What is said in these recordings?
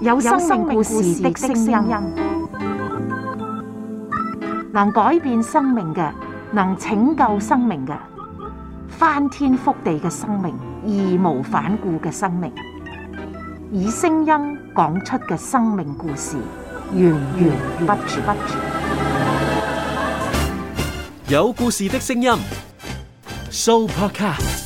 有生命故事的聲音，能改變生命嘅，能拯救生命嘅，翻天覆地嘅生命，義無反顧嘅生命，以聲音講出嘅生命故事，源源不絕。有故事的聲音，Sooopodcast。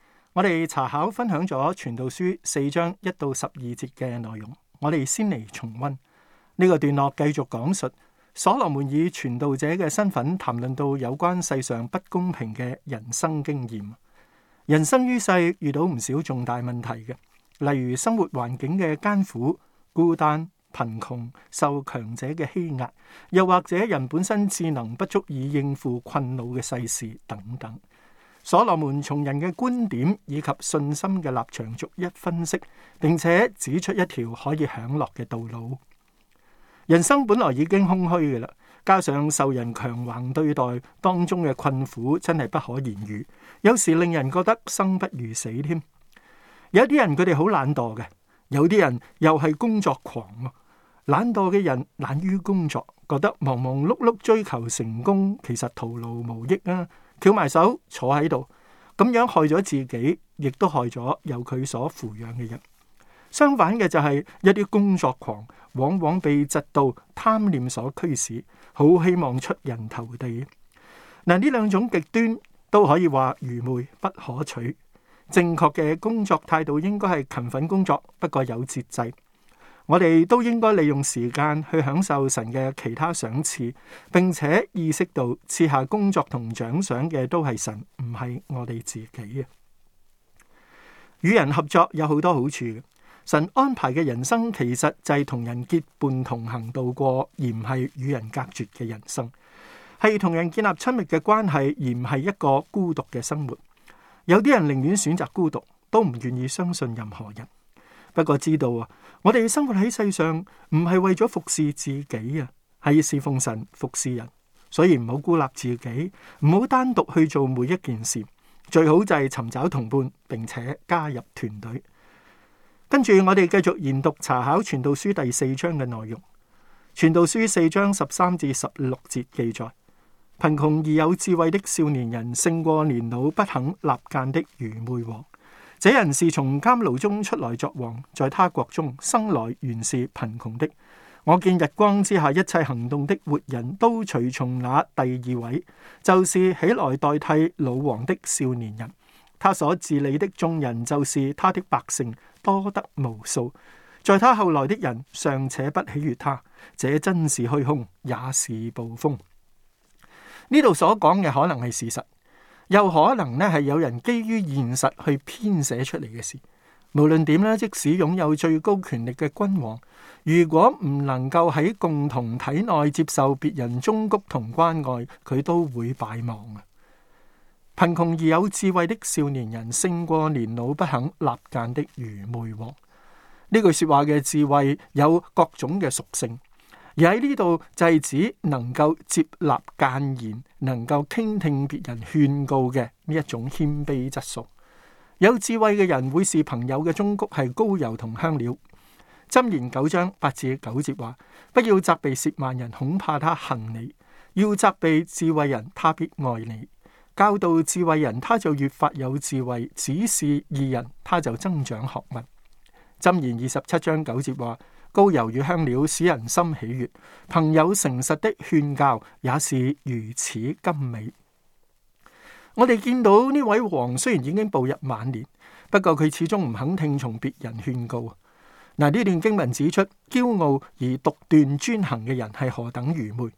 我哋查考分享咗《傳道書》四章一到十二節嘅內容，我哋先嚟重温呢個段落，繼續講述所羅門以傳道者嘅身份談論到有關世上不公平嘅人生經驗。人生於世遇到唔少重大問題嘅，例如生活環境嘅艱苦、孤單、貧窮、受強者嘅欺壓，又或者人本身智能不足以應付困惱嘅世事等等。所羅門從人嘅觀點以及信心嘅立場逐一分析，並且指出一條可以享樂嘅道路。人生本來已經空虛嘅啦，加上受人強橫對待當中嘅困苦，真係不可言喻。有時令人覺得生不如死添。有啲人佢哋好懶惰嘅，有啲人又係工作狂。懶惰嘅人懶於工作，覺得忙忙碌碌追求成功，其實徒勞無益啊。翹埋手坐喺度，咁樣害咗自己，亦都害咗由佢所撫養嘅人。相反嘅就係、是、一啲工作狂，往往被嫉妒、貪念所驅使，好希望出人頭地。嗱，呢兩種極端都可以話愚昧不可取。正確嘅工作態度應該係勤奮工作，不過有節制。我哋都應該利用時間去享受神嘅其他賞賜，並且意識到賜下工作同獎賞嘅都係神，唔係我哋自己嘅。與人合作有好多好處嘅。神安排嘅人生其實就係同人結伴同行度過，而唔係與人隔絕嘅人生。係同人建立親密嘅關係，而唔係一個孤獨嘅生活。有啲人寧願選擇孤獨，都唔願意相信任何人。不過知道啊，我哋生活喺世上，唔係為咗服侍自己啊，係侍奉神、服侍人。所以唔好孤立自己，唔好單獨去做每一件事，最好就係尋找同伴，並且加入團隊。跟住我哋繼續研讀查考《傳道書》第四章嘅內容，《傳道書》四章十三至十六節記載：貧窮而有智慧的少年人，勝過年老不肯立諫的愚昧王。這人是從監牢中出來作王，在他國中生來原是貧窮的。我見日光之下一切行動的活人都隨從那第二位，就是起來代替老王的少年人。他所治理的眾人就是他的百姓，多得無數。在他後來的人尚且不喜悅他，這真是虛空，也是暴風。呢度所講嘅可能係事實。又可能呢，係有人基於現實去編寫出嚟嘅事，無論點呢，即使擁有最高權力嘅君王，如果唔能夠喺共同體內接受別人忠告同關愛，佢都會敗亡啊。貧窮而有智慧的少年人勝過年老不肯納諫的愚昧王。呢句說話嘅智慧有各種嘅屬性。而喺呢度就係指，能夠接納諫言，能夠傾聽別人勸告嘅呢一種謙卑質素。有智慧嘅人會視朋友嘅忠告，係高油同香料。箴言九章八至九節話：不要責備褻慢人，恐怕他恨你；要責備智慧人，他必愛你。教導智慧人，他就越發有智慧；指示義人，他就增長學問。箴言二十七章九節話：膏油與香料使人心喜悅，朋友誠實的勸教也是如此甘美。我哋見到呢位王雖然已經步入晚年，不過佢始終唔肯聽從別人勸告。嗱，呢段經文指出，驕傲而獨斷專行嘅人係何等愚昧。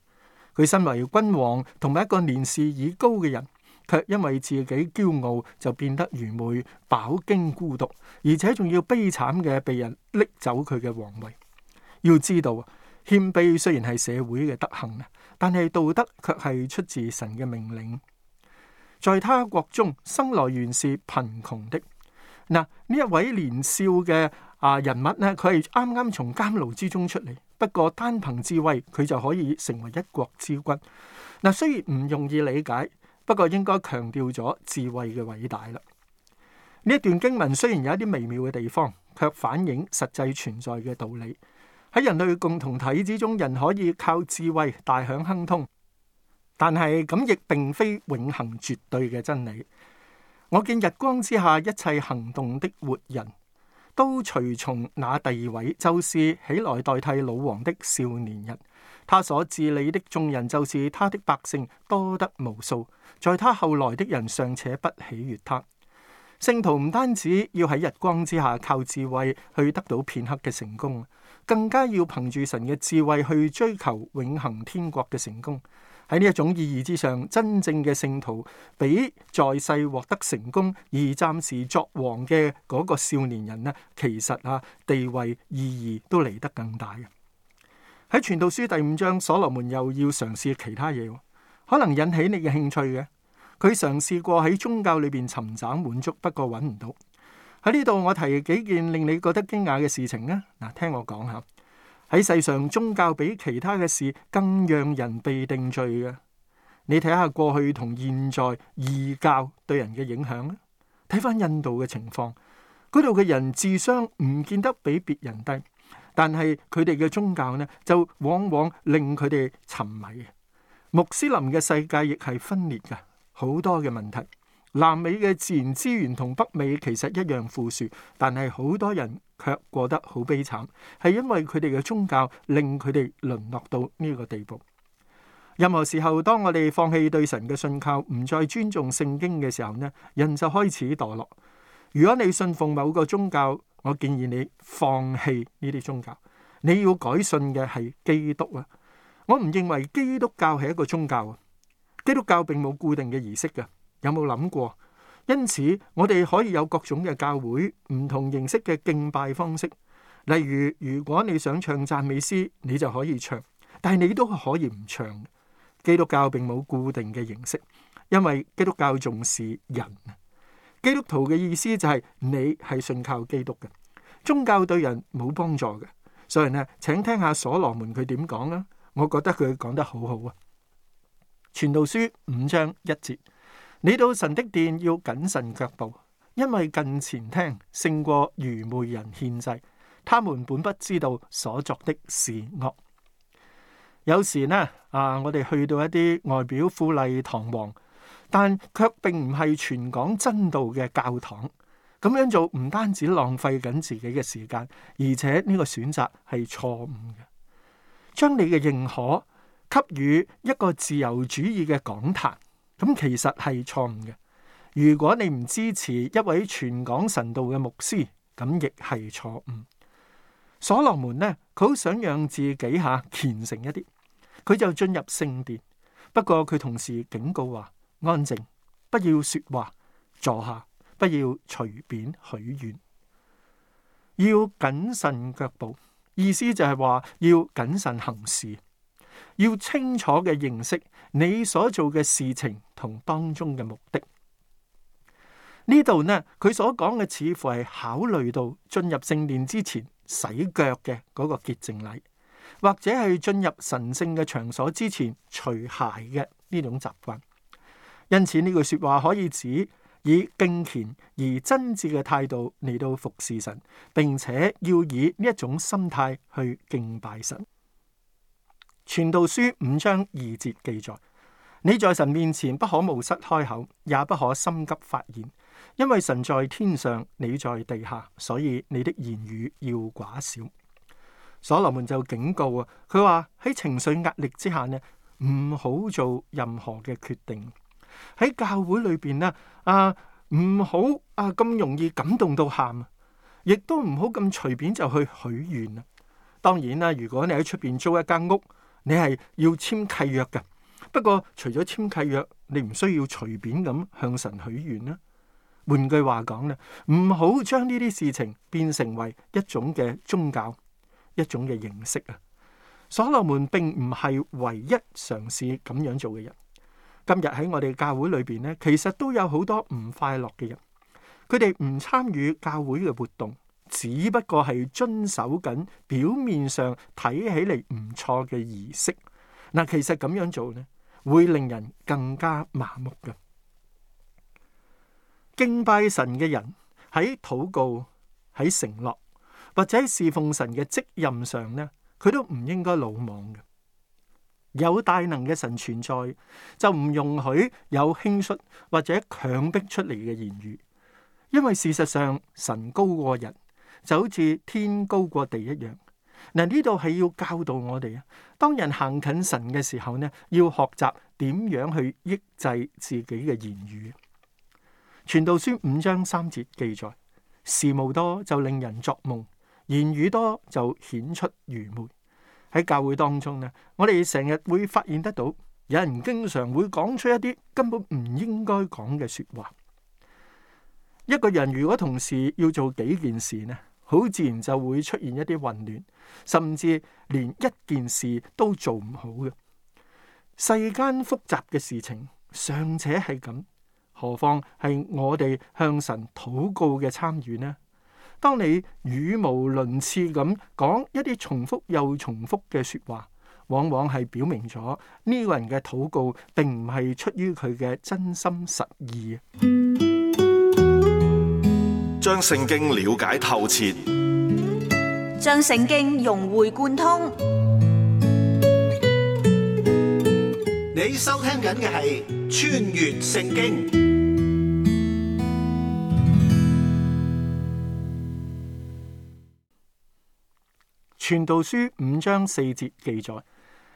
佢身為君王，同埋一個年事已高嘅人。卻因為自己驕傲就變得愚昧，飽經孤獨，而且仲要悲慘嘅被人拎走佢嘅皇位。要知道，謙卑雖然係社會嘅德行，但係道德卻係出自神嘅命令。在他國中生來原是貧窮的。嗱，呢一位年少嘅啊人物咧，佢係啱啱從監牢之中出嚟，不過單憑智慧佢就可以成為一國之君。嗱，雖然唔容易理解。不過應該強調咗智慧嘅偉大啦！呢一段經文雖然有一啲微妙嘅地方，卻反映實際存在嘅道理。喺人類共同體之中，人可以靠智慧大享亨通，但係咁亦並非永恆絕對嘅真理。我見日光之下一切行動的活人都隨從那第二位，就是起來代替老王的少年人。他所治理的眾人就是他的百姓，多得無數。在他後來的人尚且不喜悅他。聖徒唔單止要喺日光之下靠智慧去得到片刻嘅成功，更加要憑住神嘅智慧去追求永恆天國嘅成功。喺呢一種意義之上，真正嘅聖徒比在世獲得成功而暫時作王嘅嗰個少年人呢，其實啊，地位意義都嚟得更大嘅。喺《傳道書》第五章，所羅門又要嘗試其他嘢，可能引起你嘅興趣嘅。佢嘗試過喺宗教裏邊尋找滿足，不過揾唔到。喺呢度，我提幾件令你覺得驚訝嘅事情咧。嗱，聽我講下：喺世上，宗教比其他嘅事更讓人被定罪嘅。你睇下過去同現在異教對人嘅影響啦。睇翻印度嘅情況，嗰度嘅人智商唔見得比別人低。但係佢哋嘅宗教呢，就往往令佢哋沉迷。穆斯林嘅世界亦係分裂㗎，好多嘅問題。南美嘅自然資源同北美其實一樣富庶，但係好多人卻過得好悲慘，係因為佢哋嘅宗教令佢哋淪落到呢個地步。任何時候，當我哋放棄對神嘅信靠，唔再尊重聖經嘅時候呢，人就開始墮落。如果你信奉某個宗教，我建議你放棄呢啲宗教，你要改信嘅係基督啊！我唔認為基督教係一個宗教啊！基督教並冇固定嘅儀式嘅，有冇諗過？因此我哋可以有各種嘅教會、唔同形式嘅敬拜方式。例如，如果你想唱讚美詩，你就可以唱，但係你都可以唔唱。基督教並冇固定嘅形式，因為基督教重視人基督徒嘅意思就係你係信靠基督嘅，宗教對人冇幫助嘅。所以呢，請聽下所羅門佢點講啦，我覺得佢講得好好啊。傳道書五章一節，你到神的殿要謹慎腳步，因為近前聽勝過愚昧人獻祭，他們本不知道所作的是惡。有時呢，啊，我哋去到一啲外表富麗堂皇。但卻並唔係全港真道嘅教堂咁樣做，唔單止浪費緊自己嘅時間，而且呢個選擇係錯誤嘅。將你嘅認可給予一個自由主義嘅講壇，咁其實係錯誤嘅。如果你唔支持一位全港神道嘅牧師，咁亦係錯誤。所羅門呢，佢好想讓自己吓虔誠一啲，佢就進入聖殿。不過佢同時警告話。安靜，不要說話，坐下，不要隨便許願，要謹慎腳步。意思就係話要謹慎行事，要清楚嘅認識你所做嘅事情同當中嘅目的。呢度呢，佢所講嘅似乎係考慮到進入聖殿之前洗腳嘅嗰個潔淨禮，或者係進入神聖嘅場所之前除鞋嘅呢種習慣。因此，呢句說話可以指以敬虔而真摯嘅態度嚟，到服侍神，並且要以呢一種心態去敬拜神。傳道書五章二節記載：你在神面前不可無失開口，也不可心急發言，因為神在天上，你在地下，所以你的言語要寡少。所羅門就警告啊，佢話喺情緒壓力之下呢，唔好做任何嘅決定。喺教會裏邊呢，啊，唔好啊咁容易感動到喊，亦都唔好咁隨便就去許願啦。當然啦，如果你喺出邊租一間屋，你係要簽契約嘅。不過除咗簽契約，你唔需要隨便咁向神許願啦。換句話講呢，唔好將呢啲事情變成為一種嘅宗教，一種嘅形式啊。所羅門並唔係唯一嘗試咁樣做嘅人。今日喺我哋教會裏邊咧，其實都有好多唔快樂嘅人，佢哋唔參與教會嘅活動，只不過係遵守緊表面上睇起嚟唔錯嘅儀式。嗱，其實咁樣做呢，會令人更加麻木嘅。敬拜神嘅人喺禱告、喺承諾或者喺侍奉神嘅職任上呢，佢都唔應該魯莽嘅。有大能嘅神存在，就唔容許有輕率或者強迫出嚟嘅言語，因為事實上神高過人，就好似天高過地一樣。嗱，呢度係要教導我哋啊！當人行近神嘅時候呢，要學習點樣去抑制自己嘅言語。傳道書五章三節記載：事務多就令人作夢，言語多就顯出愚昧。喺教會當中呢，我哋成日會發現得到，有人經常會講出一啲根本唔應該講嘅說話。一個人如果同時要做幾件事呢，好自然就會出現一啲混亂，甚至連一件事都做唔好嘅。世間複雜嘅事情尚且係咁，何況係我哋向神禱告嘅參與呢？當你語無倫次咁講一啲重複又重複嘅説話，往往係表明咗呢個人嘅禱告並唔係出於佢嘅真心實意。將聖經瞭解透徹，將聖經融會貫通。你收聽緊嘅係《穿越聖經》。傳道書五章四節記載：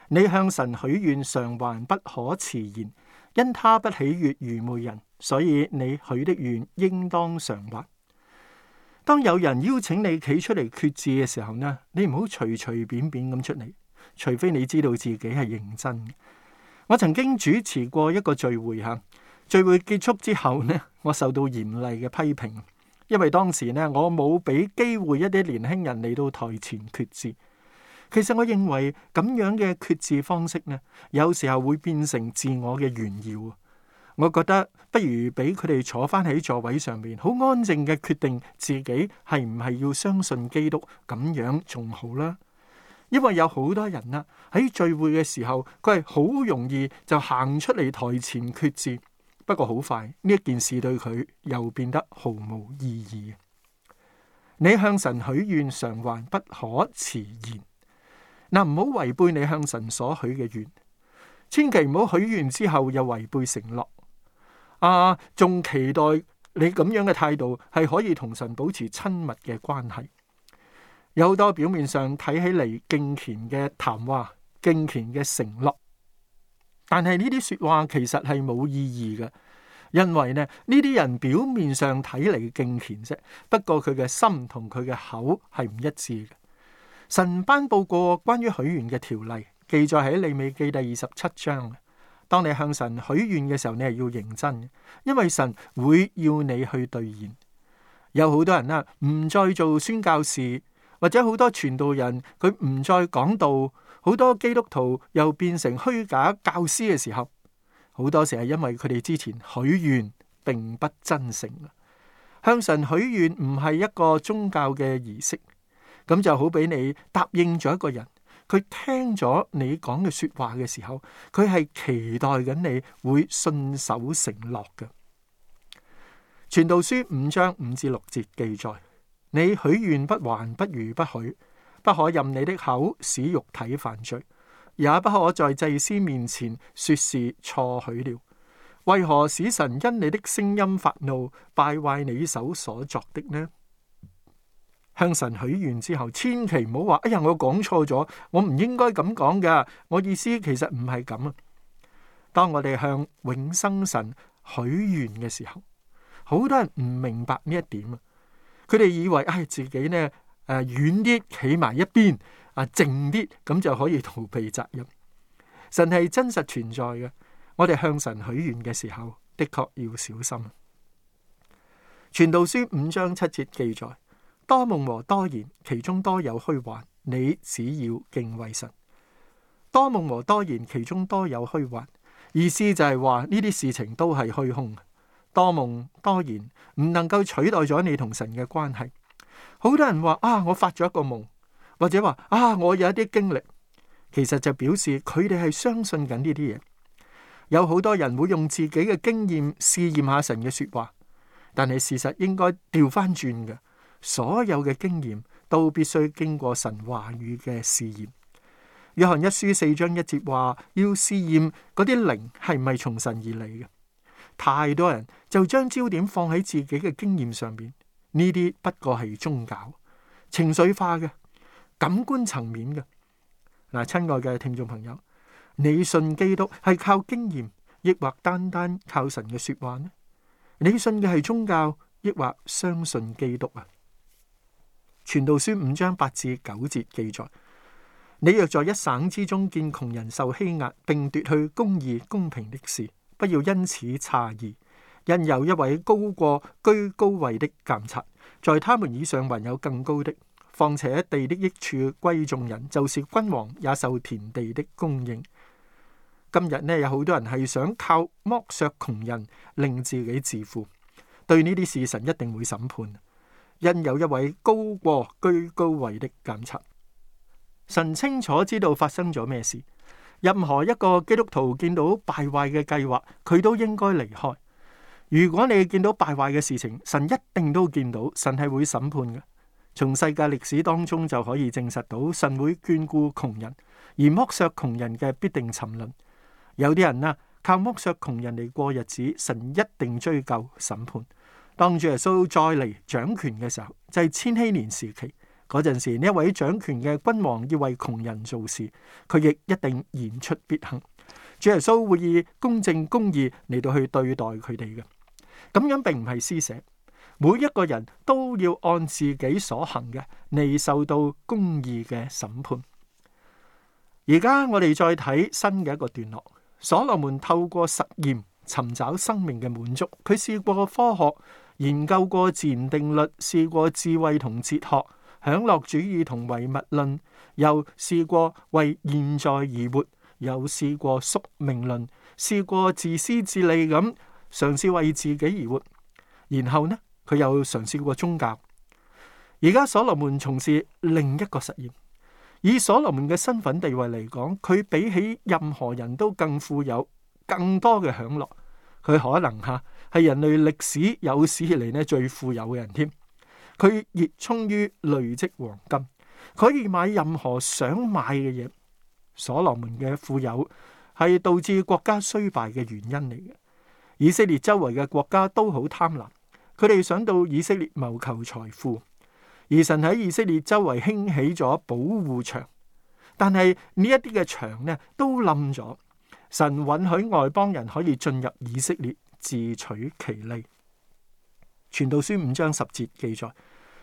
你向神許願，償還不可遲延，因他不喜悦愚昧人。所以你許的願應當償還。當有人邀請你企出嚟決志嘅時候呢，你唔好隨隨便便咁出嚟，除非你知道自己係認真嘅。我曾經主持過一個聚會吓，聚會結束之後呢，我受到嚴厲嘅批評。因為當時呢，我冇俾機會一啲年輕人嚟到台前決志。其實我認為咁樣嘅決志方式呢，有時候會變成自我嘅炫耀。我覺得不如俾佢哋坐翻喺座位上面，好安靜嘅決定自己係唔係要相信基督，咁樣仲好啦。因為有好多人啦，喺聚會嘅時候，佢係好容易就行出嚟台前決志。不過好快，呢一件事對佢又變得毫無意義。你向神許願償還，啊，不可遲延。嗱，唔好違背你向神所許嘅願，千祈唔好許願之後又違背承諾。啊，仲期待你咁樣嘅態度係可以同神保持親密嘅關係。有好多表面上睇起嚟敬虔嘅談話、敬虔嘅承諾。但係呢啲說話其實係冇意義嘅，因為呢，呢啲人表面上睇嚟，敬虔啫，不過佢嘅心同佢嘅口係唔一致嘅。神頒布過關於許願嘅條例，記載喺利未記第二十七章。當你向神許願嘅時候，你係要認真，因為神會要你去兌現。有好多人啦，唔再做宣教士，或者好多傳道人佢唔再講道。好多基督徒又變成虛假教師嘅時候，好多時係因為佢哋之前許願並不真誠。向神許願唔係一個宗教嘅儀式，咁就好比你答應咗一個人，佢聽咗你講嘅說話嘅時候，佢係期待緊你會信守承諾嘅。傳道書五章五至六節記載：你許願不還，不如不許。不可任你的口使肉體犯罪，也不可在祭司面前說是錯許了。為何使神因你的聲音發怒，敗壞你手所作的呢？向神許願之後，千祈唔好話哎呀，我講錯咗，我唔應該咁講㗎。我意思其實唔係咁啊。當我哋向永生神許願嘅時候，好多人唔明白呢一點啊。佢哋以為唉、哎，自己呢？誒、啊，遠啲企埋一邊，啊，靜啲，咁就可以逃避責任。神係真實存在嘅，我哋向神許願嘅時候，的確要小心。傳道書五章七節記載：多夢和多言，其中多有虛幻。你只要敬畏神。多夢和多言，其中多有虛幻。意思就係話呢啲事情都係虛空，多夢多言唔能夠取代咗你同神嘅關係。好多人話啊，我發咗一個夢，或者話啊，我有一啲經歷，其實就表示佢哋係相信緊呢啲嘢。有好多人會用自己嘅經驗試驗下神嘅說話，但係事實應該調翻轉嘅，所有嘅經驗都必須經過神話語嘅試驗。約翰一書四章一節話，要試驗嗰啲靈係咪從神而嚟嘅？太多人就將焦點放喺自己嘅經驗上面。呢啲不過係宗教、情緒化嘅、感官層面嘅。嗱，親愛嘅聽眾朋友，你信基督係靠經驗，亦或單單靠神嘅說話呢？你信嘅係宗教，亦或相信基督啊？傳道書五章八至九節記載：你若在一省之中見窮人受欺壓，並奪去公義公平的事，不要因此詫異。因有一位高過居高位的監察，在他們以上還有更高的。況且地的益處歸眾人，就是君王也受田地的供應。今日呢，有好多人係想靠剝削窮人令自己致富，對呢啲事神一定會審判。因有一位高過居高位的監察，神清楚知道發生咗咩事。任何一個基督徒見到敗壞嘅計劃，佢都應該離開。如果你見到敗壞嘅事情，神一定都見到，神係會審判嘅。從世界歷史當中就可以證實到，神會眷顧窮人，而剝削窮人嘅必定沉淪。有啲人啊，靠剝削窮人嚟過日子，神一定追究審判。當主耶穌再嚟掌權嘅時候，就係千禧年時期嗰陣時，呢一位掌權嘅君王要為窮人做事，佢亦一定言出必行。主耶穌會以公正公義嚟到去對待佢哋嘅。咁樣並唔係施捨，每一個人都要按自己所行嘅，嚟受到公義嘅審判。而家我哋再睇新嘅一個段落，所羅門透過實驗尋找生命嘅滿足，佢試過科學，研究過自然定律，試過智慧同哲學，享樂主義同唯物論，又試過為現在而活，又試過宿命論，試過自私自利咁。嘗試為自己而活，然後呢？佢又嘗試過宗教。而家所羅門從事另一個實驗。以所羅門嘅身份地位嚟講，佢比起任何人都更富有，更多嘅享樂。佢可能吓係人類歷史有史以嚟呢最富有嘅人添。佢熱衷於累積黃金，可以買任何想買嘅嘢。所羅門嘅富有係導致國家衰敗嘅原因嚟嘅。以色列周圍嘅國家都好貪婪，佢哋想到以色列謀求財富，而神喺以色列周圍興起咗保護牆，但係呢一啲嘅牆呢都冧咗，神允許外邦人可以進入以色列自取其利。傳道書五章十節記載：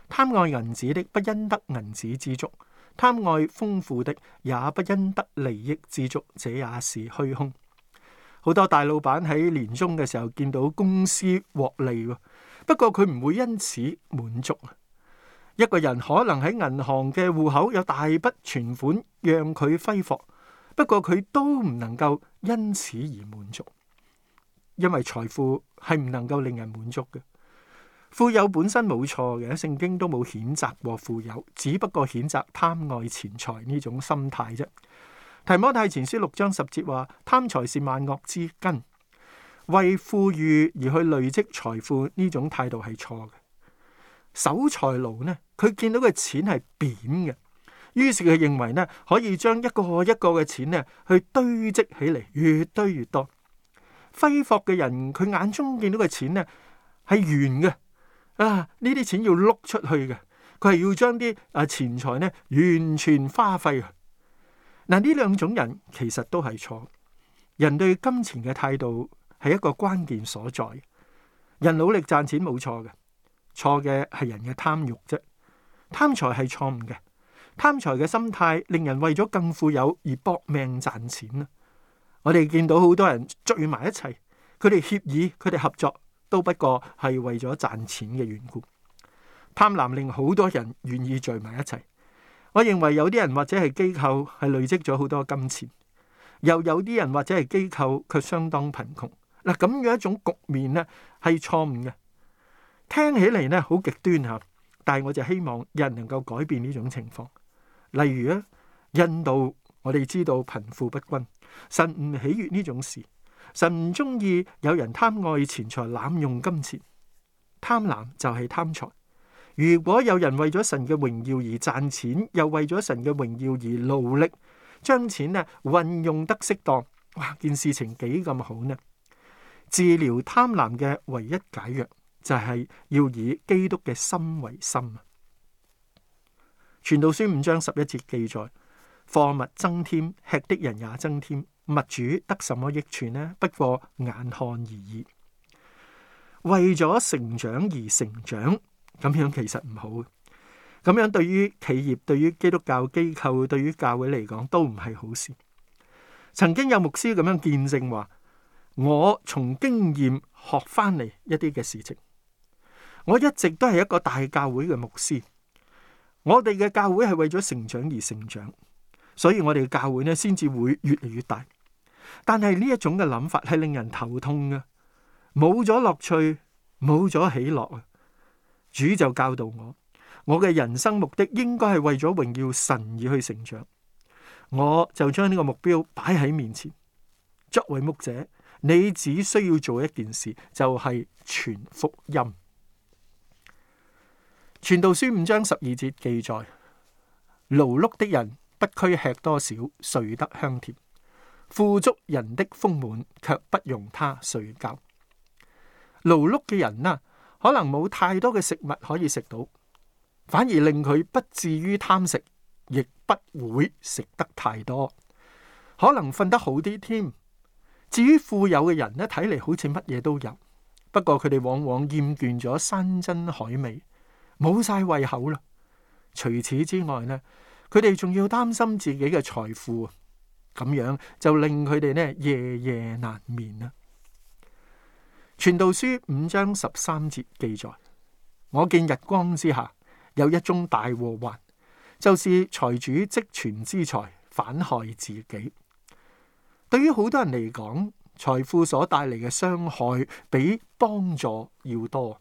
貪愛銀子的不因得銀子知足，貪愛豐富的也不因得利益知足，這也是虛空。好多大老闆喺年終嘅時候見到公司獲利喎，不過佢唔會因此滿足。一個人可能喺銀行嘅戶口有大筆存款，讓佢揮霍，不過佢都唔能夠因此而滿足，因為財富係唔能夠令人滿足嘅。富有本身冇錯嘅，聖經都冇譴責過富有，只不過譴責貪愛錢財呢種心態啫。《提摩太前書》六章十節話：貪財是萬惡之根，為富裕而去累積財富，呢種態度係錯嘅。守財奴呢，佢見到嘅錢係扁嘅，於是佢認為呢可以將一個一個嘅錢呢去堆積起嚟，越堆越多。揮霍嘅人，佢眼中見到嘅錢呢係圓嘅，啊呢啲錢要碌出去嘅，佢係要將啲啊錢財呢完全花費。嗱，呢兩種人其實都係錯。人對金錢嘅態度係一個關鍵所在。人努力賺錢冇錯嘅，錯嘅係人嘅貪欲啫。貪財係錯誤嘅，貪財嘅心態令人為咗更富有而搏命賺錢啦。我哋見到好多人聚埋一齊，佢哋協議，佢哋合作，都不過係為咗賺錢嘅緣故。貪婪令好多人願意聚埋一齊。我認為有啲人或者係機構係累積咗好多金錢，又有啲人或者係機構卻相當貧窮。嗱，咁樣一種局面呢，係錯誤嘅。聽起嚟呢好極端吓，但係我就希望人能夠改變呢種情況。例如咧，印度我哋知道貧富不均，神唔喜悅呢種事，神唔中意有人貪愛錢財、濫用金錢，貪婪就係貪財。如果有人為咗神嘅榮耀而賺錢，又為咗神嘅榮耀而努力，將錢呢運用得適當，哇！件事情幾咁好呢？治療貪婪嘅唯一解藥就係要以基督嘅心為心啊！傳道書五章十一節記載：貨物增添，吃的人也增添，物主得什麼益處呢？不過眼看而已。為咗成長而成長。咁樣其實唔好嘅，咁樣對於企業、對於基督教機構、對於教會嚟講都唔係好事。曾經有牧師咁樣見證話：「我從經驗學翻嚟一啲嘅事情。我一直都係一個大教會嘅牧師，我哋嘅教會係為咗成長而成長，所以我哋嘅教會呢先至會越嚟越大」。但係呢一種嘅諗法係令人頭痛嘅，冇咗樂趣，冇咗喜樂啊！主就教導我，我嘅人生目的應該係為咗榮耀神而去成長。我就將呢個目標擺喺面前。作為牧者，你只需要做一件事，就係、是、傳福音。傳道書五章十二節記載：勞碌的人不拘吃多少，睡得香甜；富足人的豐滿，卻不容他睡覺。勞碌嘅人啊！可能冇太多嘅食物可以食到，反而令佢不至於貪食，亦不會食得太多。可能瞓得好啲添。至於富有嘅人呢，睇嚟好似乜嘢都有，不過佢哋往往厭倦咗山珍海味，冇晒胃口啦。除此之外呢，佢哋仲要擔心自己嘅財富，咁樣就令佢哋呢夜夜難眠啦。傳道書五章十三節記載：我見日光之下有一宗大禍患，就是財主積存之財反害自己。對於好多人嚟講，財富所帶嚟嘅傷害比幫助要多。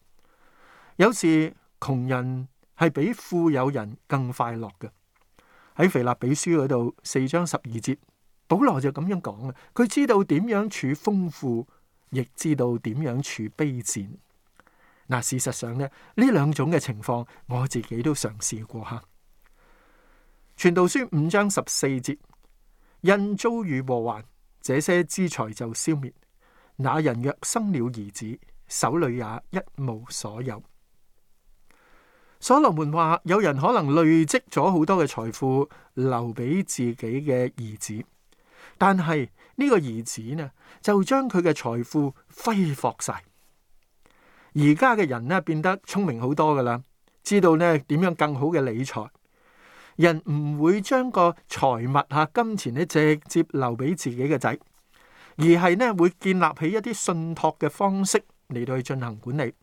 有時窮人係比富有人更快樂嘅。喺腓立比書嗰度四章十二節，保羅就咁樣講啦。佢知道點樣處豐富。亦知道點樣處卑賤。嗱、啊，事實上呢，呢兩種嘅情況，我自己都嘗試過吓。傳道書五章十四節：因遭遇禍患，這些資財就消滅。那人若生了兒子，手裏也一無所有。所羅門話：有人可能累積咗好多嘅財富留俾自己嘅兒子，但係。呢個兒子呢，就將佢嘅財富揮霍晒。而家嘅人呢變得聰明好多㗎喇，知道呢點樣更好嘅理財。人唔會將個財物吓、啊、金錢呢，直接留俾自己嘅仔，而係呢，會建立起一啲信託嘅方式嚟，到去進行管理。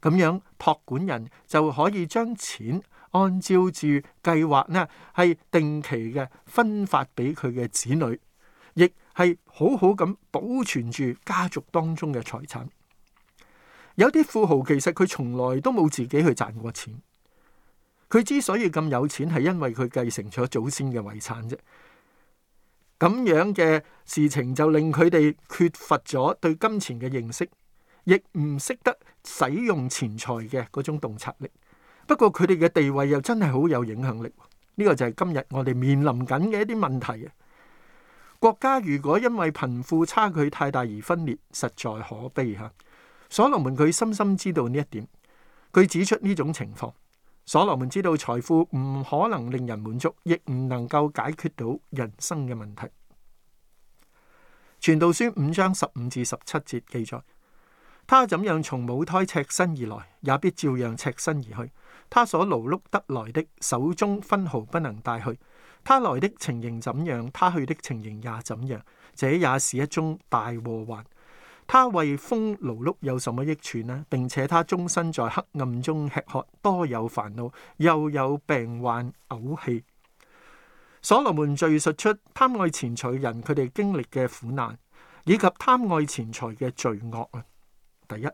咁樣託管人就可以將錢按照住計劃呢係定期嘅分發俾佢嘅子女。係好好咁保存住家族當中嘅財產，有啲富豪其實佢從來都冇自己去賺過錢，佢之所以咁有錢係因為佢繼承咗祖先嘅遺產啫。咁樣嘅事情就令佢哋缺乏咗對金錢嘅認識，亦唔識得使用錢財嘅嗰種洞察力。不過佢哋嘅地位又真係好有影響力，呢個就係今日我哋面臨緊嘅一啲問題國家如果因為貧富差距太大而分裂，實在可悲吓。所羅門佢深深知道呢一點，佢指出呢種情況。所羅門知道財富唔可能令人滿足，亦唔能夠解決到人生嘅問題。傳道書五章十五至十七節記載，他怎樣從母胎赤身而來，也必照樣赤身而去。他所勞碌得來的，手中分毫不能帶去。他來的情形怎樣，他去的情形也怎樣，這也是一宗大禍患。他為風勞碌有什麼益處呢？並且他終身在黑暗中吃喝，多有煩惱，又有病患嘔氣。所羅門敘述出貪愛錢財人佢哋經歷嘅苦難，以及貪愛錢財嘅罪惡啊！第一，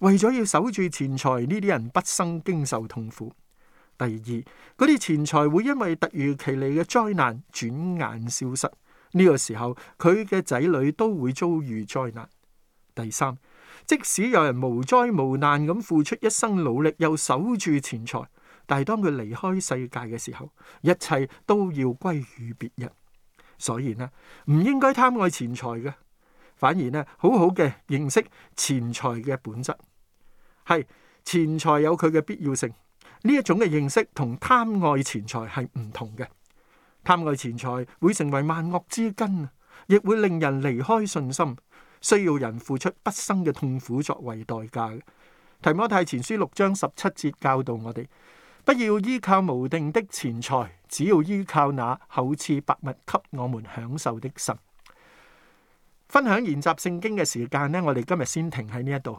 為咗要守住錢財，呢啲人不生經受痛苦。第二，嗰啲錢財會因為突如其來嘅災難轉眼消失。呢個時候，佢嘅仔女都會遭遇災難。第三，即使有人無災無難咁付出一生努力，又守住錢財，但係當佢離開世界嘅時候，一切都要歸於別人。所以呢，唔應該貪愛錢財嘅，反而呢，好好嘅認識錢財嘅本質，係錢財有佢嘅必要性。呢一種嘅認識同貪愛錢財係唔同嘅，貪愛錢財會成為萬惡之根，亦會令人離開信心，需要人付出畢生嘅痛苦作為代價嘅。提摩太前書六章十七節教導我哋，不要依靠無定的錢財，只要依靠那厚賜百物給我們享受的神。分享研習聖經嘅時間呢，我哋今日先停喺呢一度。